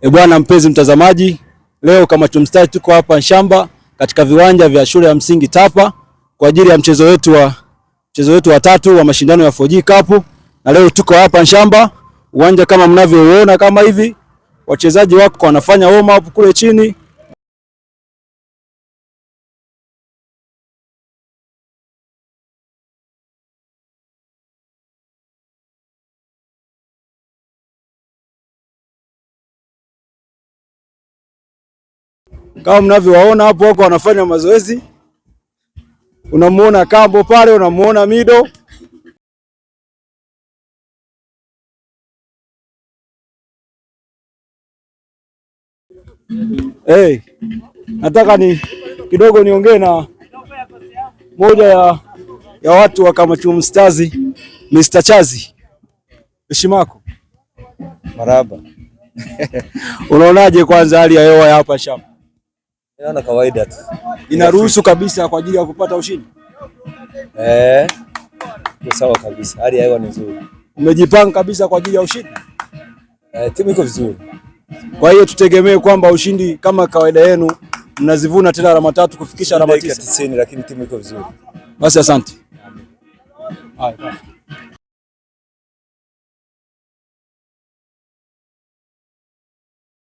E bwana mpenzi mtazamaji, leo kama tumstari tuko hapa Nshamba katika viwanja vya shule ya msingi Tapa kwa ajili ya mchezo wetu wa mchezo wetu wa tatu wa mashindano ya 4G Cup, na leo tuko hapa Nshamba uwanja kama mnavyoona kama hivi, wachezaji wako wanafanya warm up kule chini. kama mnavyowaona hapo, wako wanafanya mazoezi. Unamuona Kambo pale, unamuona Mido. Hey, nataka ni kidogo niongee na moja ya, ya watu wa Kamachumu Stars Mr. Chazi. Heshimako. Maraba. Unaonaje kwanza hali ya hewa ya hapa shamba? Naona kawaida tu. Inaruhusu kabisa kwa ajili ya kupata ushindi. Eh. Ni Sawa kabisa. Hali ya hewa ni nzuri. Umejipanga kabisa kwa ajili ya ushindi? Eh, timu iko vizuri. Kwa hiyo tutegemee kwamba ushindi kama kawaida yenu mnazivuna tena alama tatu kufikisha alama 90 lakini timu iko vizuri. Basi asante. hai.